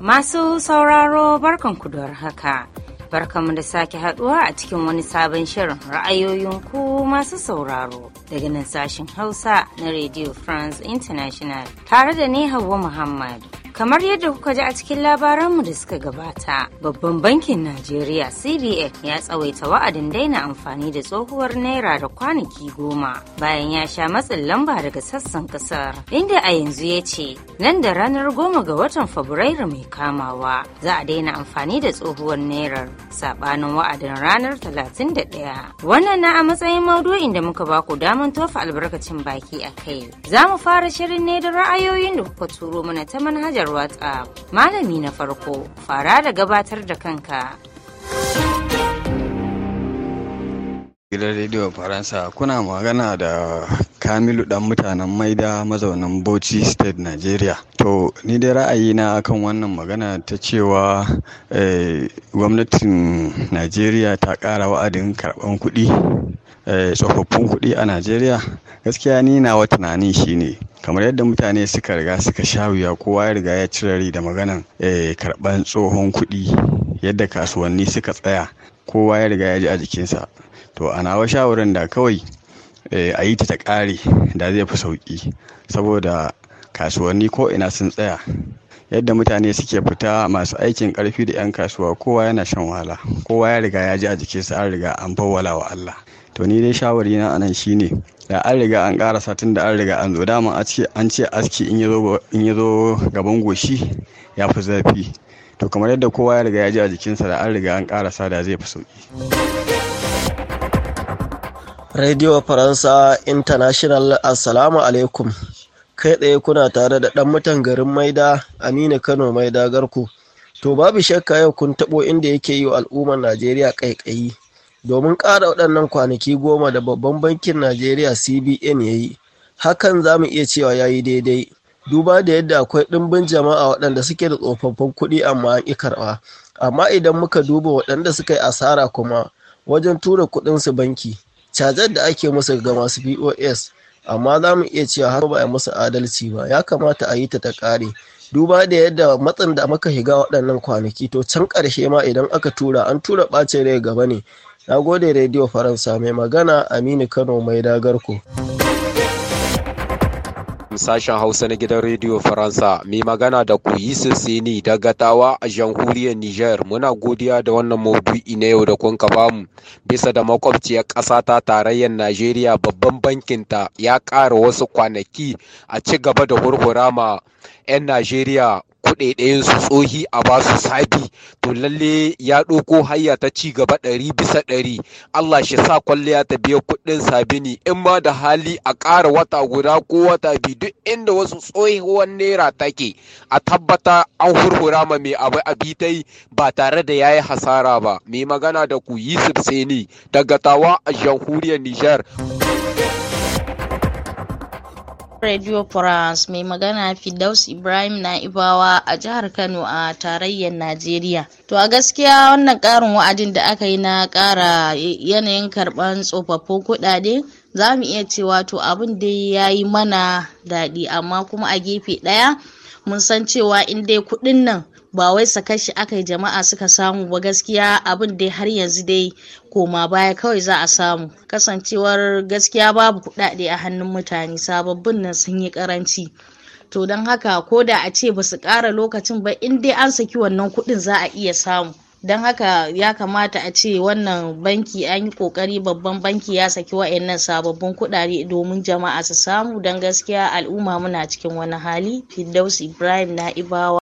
Masu sauraro barkanku da haka. Barkanmu da sake haduwa a cikin wani sabon shirin ra'ayoyin ku masu sauraro daga nan sashen Hausa na Radio France International tare da ni Hauwa Muhammad. Kamar yadda kuka ji a cikin labaranmu da suka gabata, babban bankin Najeriya CBN ya tsawaita wa'adin daina amfani da tsohuwar naira da kwanaki goma bayan ya sha matsin lamba daga sassan kasar, inda a yanzu ya ce nan da ranar goma ga watan Fabrairu mai kamawa za a daina amfani da tsohuwar nairar sabanin wa'adin ranar talatin da ɗaya. Wannan na a matsayin maudu'in da muka ba ku damar tofa albarkacin baki a kai. Za mu fara shirin ne da ra'ayoyin da kuka turo mana ta manhajar hanyar WhatsApp. Malami na farko, fara da gabatar da kanka. Gidan rediyon Faransa kuna magana da Kamilu dan mutanen Maida Mazaunan Bauchi State Nigeria. To ni dai ra'ayina akan wannan magana ta cewa eh, gwamnatin Najeriya ta ƙara wa'adin karɓan kuɗi Eh, tsofaffin kuɗi a najeriya gaskiya ni na wa tunani shine kamar yadda mutane suka riga suka sha wuya kowa ya riga ya cirari da maganan eh, karɓan tsohon kuɗi yadda kasuwanni suka tsaya kowa ya riga ya ji a jikinsa to a nawa shawarin da kawai eh, a yi ta ta ƙare da zai fi sauƙi saboda kasuwanni ko ina sun tsaya yadda mutane suke fita masu aikin ƙarfi da 'yan kasuwa kowa yana shan wahala kowa ya riga ya ji a jikinsa an riga an fawwala wa allah to ni dai shawari na anan shine da an riga an ƙara satin da an riga an zo dama an ce aski in ya zo gaban goshi ya fi zafi to kamar yadda kowa ya riga ya ji a jikinsa da an riga an ƙara da zai fi sauki. Radio Faransa International Assalamu alaikum. Kai tsaye kuna tare da dan mutan garin Maida amina Kano Maida Garko. To babu shakka yau kun tabo inda yake yi wa al'ummar Najeriya ƙaiƙayi. domin ƙara waɗannan kwanaki goma da babban bankin najeriya cbn ya yi hakan za mu iya cewa ya yi daidai duba da yadda akwai ɗimbin jama'a waɗanda suke da tsofaffin kuɗi amma an ƙi karɓa amma idan muka duba waɗanda suka yi asara kuma wajen tura kuɗinsu banki cajar da ake musu ga masu pos amma za mu iya cewa har ba a musu adalci ba ya kamata a yi ta ta ƙare duba da yadda matsin da muka shiga waɗannan kwanaki to can ƙarshe ma idan aka tura an tura ɓacin rai gaba ne Na gode Radio Faransa mai magana Aminu Kano mai dagarku. sashen hausa na gidan rediyo faransa mai magana da ku yusuf sini daga tawa a jamhuriyar niger muna godiya da wannan maudu'i na yau da kun ka bamu bisa da makwabciyar ƙasa ta tarayyar najeriya babban bankinta ya ƙara wasu kwanaki a ci gaba da hurhura ma 'yan najeriya kuɗaɗayin su tsohi a ba su sabi to lalle ya ɗauko hayya ta ci gaba ɗari bisa ɗari Allah shi sa kwalliya ta biya kuɗin sabini in ma da hali a ƙara wata guda ko wata biyu duk inda wasu tsohuwar naira take a tabbata an hurhura ma mai abu a bitai ba tare da yayi hasara ba mai magana da ku Yusuf Seni daga tawa a jamhuriyar Nijar. Radio France mai magana Fidaus Ibrahim Na'ibawa a jihar Kano a tarayyar Najeriya. To a gaskiya wannan ƙarin wa'adin da aka yi na ƙara yanayin karɓar tsofaffin kuɗaɗe za mu iya cewa to abin da ya yi mana daɗi amma kuma a gefe ɗaya mun san cewa in dai kuɗin nan ba wai sakashi shi aka yi jama'a suka samu ba gaskiya abin dai har yanzu dai koma baya kawai za a samu kasancewar gaskiya babu kuɗaɗe a hannun mutane sababbin nan sun yi karanci to don haka ko da a ce ba su ƙara lokacin ba in dai an saki wannan kuɗin za a iya samu don haka ya kamata a ce wannan banki an yi kokari babban banki ya saki wa'annan sababbin kuɗaɗe domin jama'a su samu don gaskiya al'umma muna cikin wani hali firdaus ibrahim na ibawa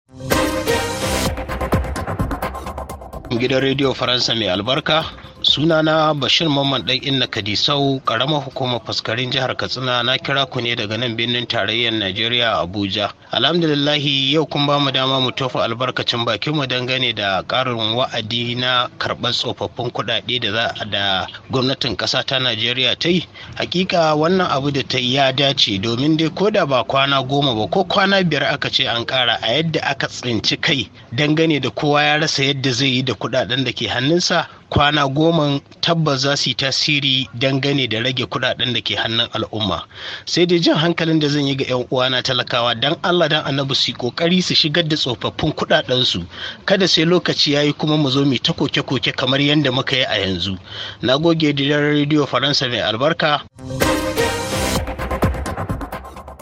gidan rediyo faransa mai albarka sunana bashir mamman ɗan inna kadisau karamar hukumar faskarin jihar katsina na kira ku ne daga nan birnin tarayyar najeriya abuja alhamdulillahi yau kun ba mu dama mu tofa albarkacin bakin mu dangane da karin wa'adi na karɓar tsofaffin kuɗaɗe da za da gwamnatin ƙasa ta najeriya ta yi hakika wannan abu da ta ya dace domin dai ko da ba kwana goma ba ko kwana biyar aka ce an ƙara a yadda aka tsinci kai dangane da kowa ya rasa yadda zai yi da kuɗaɗen da ke hannunsa kwana goma tabbas za su yi tasiri dangane da rage kudaden da ke hannun al'umma sai dai jin hankalin da zan yi ga 'yan uwana talakawa dan allah dan annabi su yi kokari su shigar da tsofaffin kudaden su kada sai lokaci ya yi kuma mu zo mu ta koke-koke kamar yadda muka yi a yanzu na goge gidan rediyo faransa mai albarka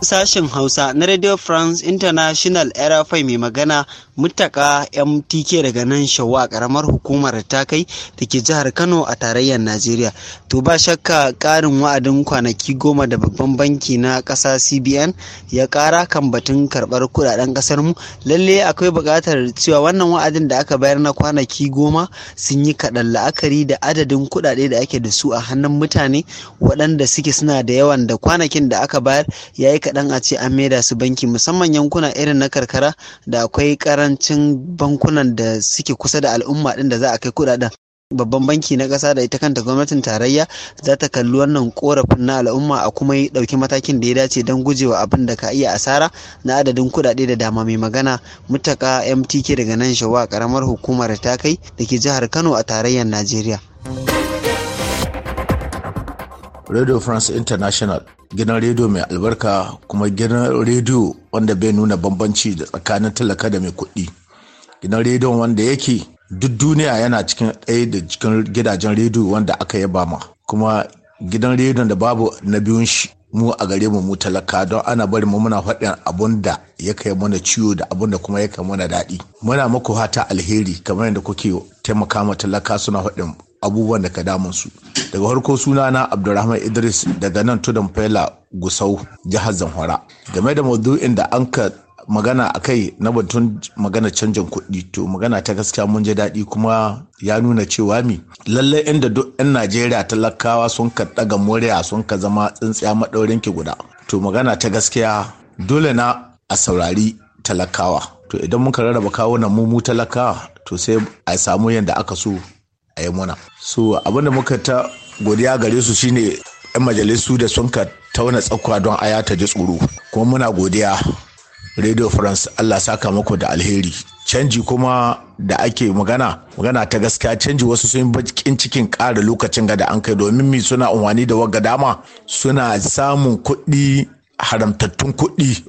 sashen hausa na radio france international rfi mai magana mutaka mtk daga nan shawa karamar hukumar ta kai da ke jihar kano a tarayyar najeriya to ba shakka karin wa'adin kwanaki goma da babban banki na kasa cbn ya kara kan batun karbar kudaden kasar mu lalle akwai buƙatar cewa wannan wa'adin da aka bayar na kwanaki goma sun yi kaɗan la'akari da adadin kudade da ake da su a hannun mutane waɗanda suke suna da yawan da kwanakin da aka bayar ya yi kaɗan a ce an maida su banki musamman yankuna irin na karkara da akwai karan yawancin bankunan da suke kusa da al'umma din da za a kai kudaden babban banki na ƙasa da ita kanta gwamnatin tarayya za ta kalli wannan korafin na al'umma a kuma yi ɗauki matakin da ya dace don gujewa abin da ka iya asara na adadin kuɗaɗe da dama mai magana mutaka mtk daga nan shawa ƙaramar hukumar ta kai da ke jihar kano a tarayyar najeriya. radio france international gidan rediyo mai albarka kuma gidan rediyo wanda bai nuna bambanci da tsakanin talaka da mai kuɗi gidan rediyon wanda yake duk duniya yana cikin ɗaya da cikin gidajen rediyo wanda aka yaba ma kuma gidan rediyon da babu na biyun shi mu a gare mu mu talaka don ana bari mu muna faɗin abun da ya kai mana ciwo da abun da kuma ya kai mana daɗi muna muku hata alheri kamar yadda kuke taimaka ma talaka suna faɗin abubuwan da ka damun su daga farko suna na abdulrahman idris daga nan tudun fela gusau jihar zamfara game da maudu'in da an ka magana a kai na batun magana canjin kuɗi to magana ta gaskiya mun ji daɗi kuma ya nuna cewa mi lallai inda duk 'yan najeriya talakawa sun ka ɗaga murya sun ka zama tsintsiya maɗaurin ki guda to magana ta gaskiya dole na a saurari talakawa to idan muka rarraba kawo na mu talakawa to sai a samu yadda aka so a yi muna so abinda muka ta godiya gare su shine 'yan majalisu da sun ka tauna tsakwa don aya ta ji tsoro kuma muna godiya radio france allah saka muku da alheri canji kuma da ake magana magana ta gaskiya canji wasu sun bakin cikin ƙara lokacin gada an kai domin mi suna unwani da wagga dama suna samun kuɗi haramtattun kuɗi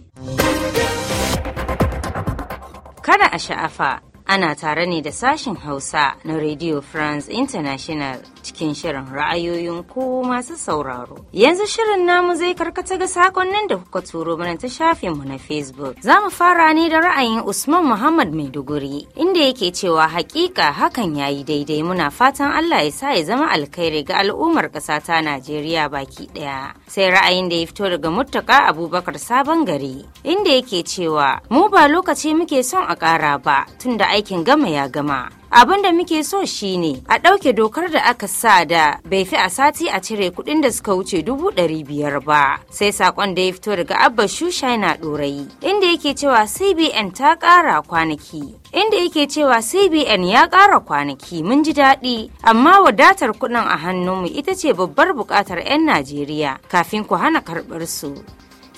kada a sha'afa ana tare ne da sashen Hausa na Radio France International. cikin shirin ra'ayoyin ko masu sauraro. Yanzu shirin namu zai karkata ga sakonnin da kuka turo mana ta shafin mu na Facebook. Za mu fara ne da ra'ayin Usman Muhammad Maiduguri inda yake cewa hakika hakan yayi daidai muna fatan Allah ya sa ya zama alkhairi ga al'ummar ƙasa ta Najeriya baki ɗaya. Sai ra'ayin da ya fito daga murtaka Abubakar Sabon Gari inda yake cewa mu ba lokaci muke son a ƙara ba tunda aikin gama ya gama. abin da muke so shine a ɗauke dokar da aka sa da bai fi a sati a cire kuɗin da suka wuce dubu ɗari biyar ba sai sakon da ya fito daga abba shusha na ɗorayi inda yake cewa cbn ta ƙara kwanaki inda yake cewa cbn ya ƙara kwanaki mun ji daɗi amma wadatar kuɗin a hannunmu ita ce babbar buƙatar 'yan najeriya kafin ku hana karɓar su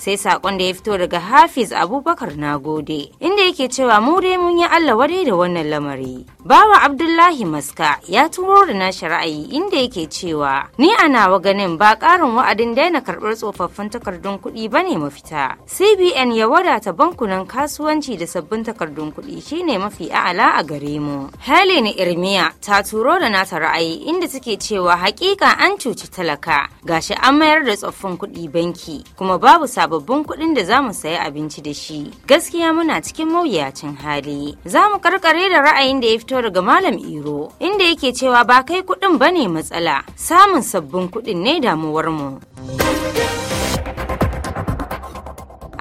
sai sakon da ya fito daga hafiz abubakar na gode inda yake cewa mu dai mun yi allah wadai da wannan lamari bawa abdullahi maska ya turo da nashi ra'ayi inda yake cewa ni a nawa ganin ba karin wa'adin daina karɓar tsofaffin takardun kuɗi ba ne mafita cbn ya wadata bankunan kasuwanci da sabbin takardun kuɗi shine mafi a'ala a gare mu helen irmiya ta turo da nata ra'ayi inda take cewa hakika an cuci talaka gashi an mayar da tsoffin kuɗi banki kuma babu sabon sababbin kuɗin da za mu sayi abinci da shi. Gaskiya muna cikin mawuyacin hali. Za mu karkare da ra'ayin da ya fito daga Malam Iro, inda yake cewa ba kai kuɗin bane matsala, samun sabbin kuɗin ne damuwar mu.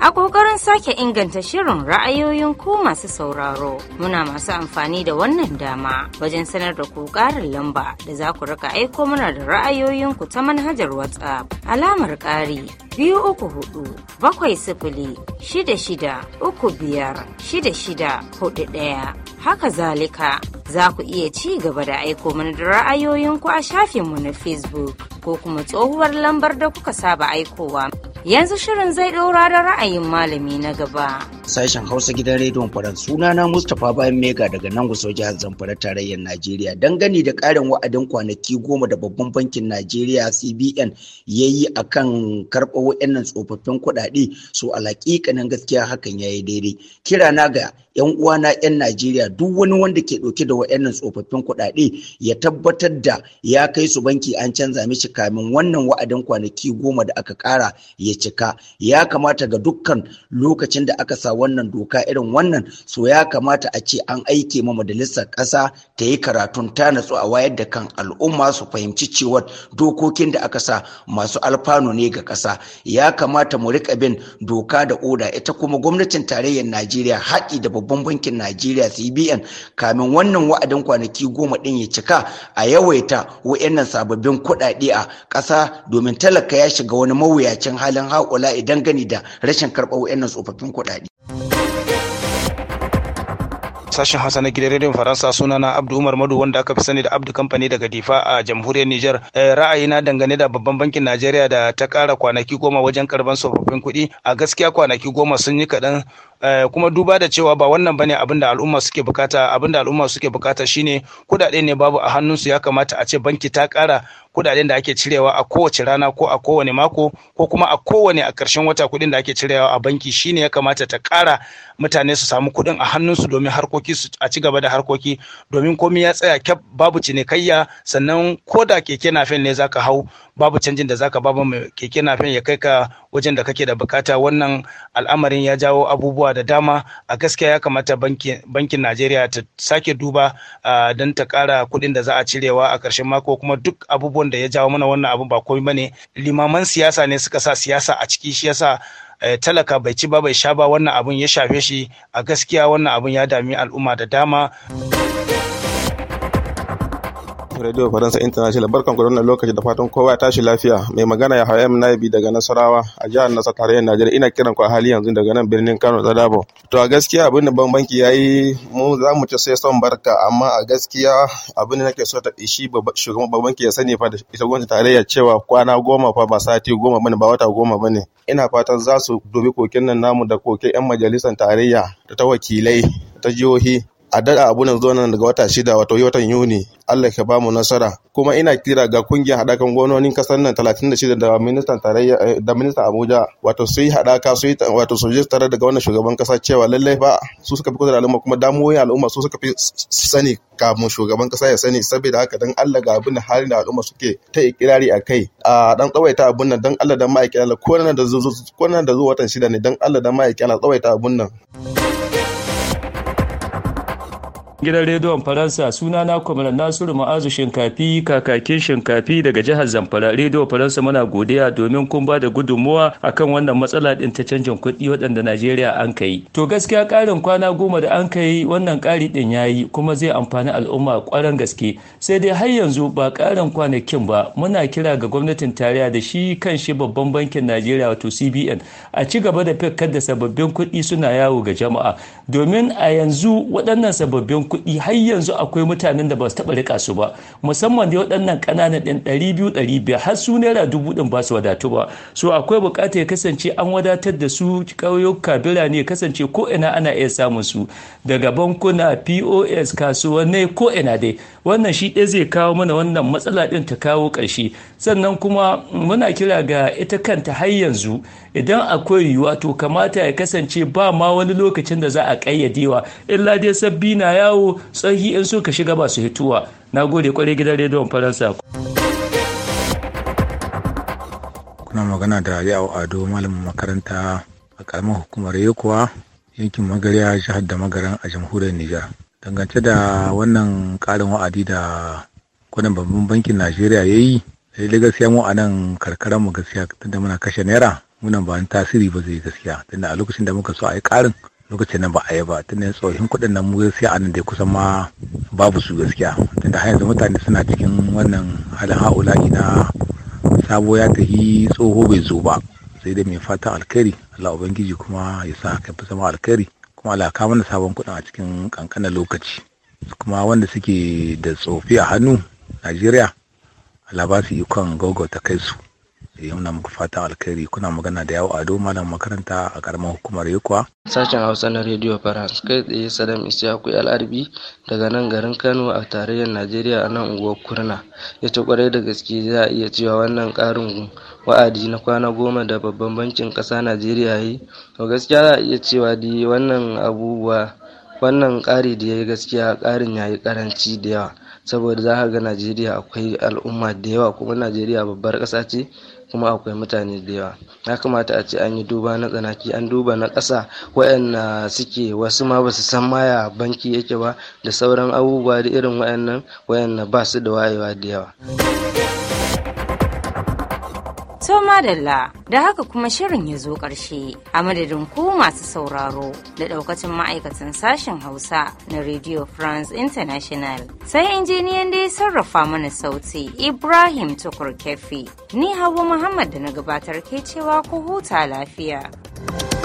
a ƙoƙarin sake inganta shirin ra'ayoyin ku masu sauraro muna masu amfani da wannan dama wajen sanar da ku ƙarin lamba da za ku rika aiko mana da ra'ayoyinku ta manhajar whatsapp alamar ƙari biyu uku hudu bakwai sifili shida shida uku biyar shida shida hudu ɗaya haka zalika za ku iya ci gaba da aiko mana da ra'ayoyinku a shafinmu na facebook ko kuma tsohuwar lambar da kuka saba aikowa Yanzu shirin zai ɗora da ra'ayin malami na gaba. sashen hausa gidan rediyon faran suna na mustapha bayan mega daga nan gusau jihar zamfara tarayyar najeriya dangane da karin wa'adin kwanaki goma da babban bankin najeriya cbn ya yi a kan karɓo wa'annan tsofaffin kuɗaɗe so a nan gaskiya hakan ya yi daidai kira na ga yan uwana yan najeriya duk wani wanda ke ɗauke da wa'annan tsofaffin kuɗaɗe ya tabbatar da ya kai su banki an canza mishi kamin wannan wa'adin kwanaki goma da aka ƙara ya cika ya kamata ga dukkan lokacin da aka samu wannan doka irin wannan so ya kamata a ce an aike ma majalisar ƙasa ta yi karatun ta natsu a wayar da kan al'umma su fahimci cewa dokokin da aka sa masu alfano ne ga ƙasa ya kamata mu rika bin doka da oda ita kuma gwamnatin tarayyar najeriya haƙi da babban bankin najeriya cbn kamin wannan wa'adin kwanaki goma ɗin ya cika a yawaita wa'annan sababbin kuɗaɗe a ƙasa domin talaka ya shiga wani mawuyacin halin haƙula idan gani da rashin karɓar wa'annan tsofaffin kuɗaɗe sashen hausa na gidan rediyon faransa sunana abdu umar madu wanda aka fi sani da abdu kamfani daga difa a jamhuriyar eh, Ra'ayi na dangane da babban bankin najeriya da ta kara kwanaki goma wajen karban tsofaffin kuɗi a gaskiya kwanaki goma sun yi kaɗan Eh, kuma duba da cewa ba wannan bane abin da al'umma suke bukata abin da al'umma suke bukata shine kuɗaɗe ne babu a hannunsu ya kamata a ce banki ta kara kudaden da ake cirewa a kowace rana ko a kowane mako ko kuma a kowane a ƙarshen wata kudin da ake cirewa a banki shine ya kamata ta kara mutane su samu kudin a hannunsu domin harkoki su a ci gaba da harkoki domin komai ya tsaya kyaf babu cinikayya sannan ko da keke nafen ne zaka hau babu canjin da zaka babu mai keke nafen ya kai ka wajen da kake da bukata wannan al'amarin ya jawo abubuwa da dama a gaskiya ya kamata bankin najeriya ta sake duba don ta kara kuɗin da za a cirewa a ƙarshen mako kuma duk abubuwan da ya jawo mana wannan abin ba komai bane limaman siyasa ne suka sa siyasa a ciki shi yasa e, talaka bai ci ba bai sha ba wannan abun ya shafe shi a gaskiya wannan abun ya dami al'umma da dama. Radio Faransa International barkan ku wannan lokaci da fatan kowa ya tashi lafiya mai magana ya Hayam bi daga Nasarawa a jihar nasa tarayyar Najeriya ina kiran ku a hali yanzu daga nan birnin Kano dabo to a gaskiya abin da banki yayi mu za mu ci sai son barka amma a gaskiya abin da nake so ta shi shugaban banki ya sani fa da ita gwamnati tarayya cewa kwana goma fa ba sati goma bane ba wata goma bane ina fatan za su dubi kokin nan namu da kokin yan majalisar tarayya da ta wakilai ta jihohi a daɗa abu nan zuwa nan daga wata shida wato watan yuni allah ka bamu nasara kuma ina kira ga kungiyar haɗakan gononin kasar nan 36 da ministan tarayya eh, da ministan abuja wato su yi haɗaka su yi wato su tare daga wannan shugaban kasa cewa lallai ba su suka fi kusa da al'umma kuma damuwoyin al'umma su suka fi sani kamun shugaban kasa ya sani saboda haka dan allah ga abin da halin da al'umma suke ta ikirari a kai a dan tsawaita abun nan dan allah dan ma'aikata ko nan da zuwa watan shida ne dan allah dan ma'aikata tsawaita abun nan. gidan rediyon faransa suna na kwamanar nasiru ma'azu shinkafi kakakin shinkafi daga jihar zamfara rediyon faransa muna godiya domin kun ba da gudunmuwa akan wannan matsala din ta canjin kuɗi waɗanda najeriya an kai to gaskiya ƙarin kwana goma da an kai wannan ƙari din ya yi kuma zai amfani al'umma ƙwarar gaske sai dai har yanzu ba ƙarin kwanakin ba muna kira ga gwamnatin tarayya da shi kan shi babban bankin najeriya wato cbn a ci gaba da fikar da sababbin kuɗi suna yawo ga jama'a domin a yanzu waɗannan sababbin kuɗi har yanzu akwai mutanen da ba su taɓa rika su ba musamman da waɗannan ƙananan ɗin ɗari biyu ɗari biyar har su naira dubu ɗin ba su wadatu ba so akwai buƙatar ya kasance an wadatar da su ƙauyuka birane ya kasance ko ina ana iya samun su daga bankuna pos kasuwannai ko ina dai wannan shi ɗaya zai kawo mana wannan matsala ɗin ta kawo ƙarshe sannan kuma muna kira ga ita kanta har yanzu idan akwai yiwuwa to kamata ya kasance ba ma wani lokacin da za a ƙayyadewa illa dai sabbi na yawo tsahi in so ka shiga ba su hituwa na gode kwarai gidan rediyon faransa kuna magana da yawo ado malamin makaranta a karamar hukumar yokuwa yankin magariya jihar da magaran a jamhuriyar nijar dangance da wannan karin wa'adi da kudin babban bankin najeriya ya yi sai gaskiya mu a nan karkarar mu gaskiya tunda muna kashe naira munan ba tasiri ba zai gaskiya tunda a lokacin da muka so a yi karin lokacin nan ba a yi ba tunda tsohon kuɗin nan mu sai a nan dai kusan ma babu su gaskiya tunda har yanzu mutane suna cikin wannan halin haula ina sabo ya tafi tsoho bai zo ba sai dai mai fata alkari Allah ubangiji kuma ya sa ka fi zama alkari kuma Allah ka mana sabon kuɗin a cikin kankanin lokaci kuma wanda suke da tsofi a hannu Najeriya Allah ba su ikon ta kai su Eh, muna muku fata alkhairi kuna magana da yawo ado malam makaranta a karamar hukumar yukwa sashen hausa na rediyo farans kai tsaye sadam isiyaku lrb daga nan garin kano a tarayyar najeriya a nan unguwar kurna ya ce kwarai da gaske za a iya cewa wannan karin wa'adi na kwana goma da babban bankin kasa najeriya yi to gaskiya za a iya cewa di wannan abubuwa wannan ƙari da ya yi gaskiya karin ya yi ƙaranci da yawa saboda za ka ga najeriya akwai al'umma da yawa kuma najeriya babbar ƙasa ce kuma akwai mutane da yawa ya kamata a ce an yi duba na tsanaki an duba na ƙasa waɗanda suke wasu ma basu san maya banki yake ba da sauran abubuwa da irin waɗannan waɗanda ba su da wayewa da yawa. madalla da haka kuma shirin ya zo ƙarshe a madadin ku masu sauraro da daukacin ma'aikatan sashen hausa na radio france international sai injiniyan da ya sarrafa mana sauti ibrahim tukur kefi ni hawa muhammad da na gabatar ke cewa ku huta lafiya.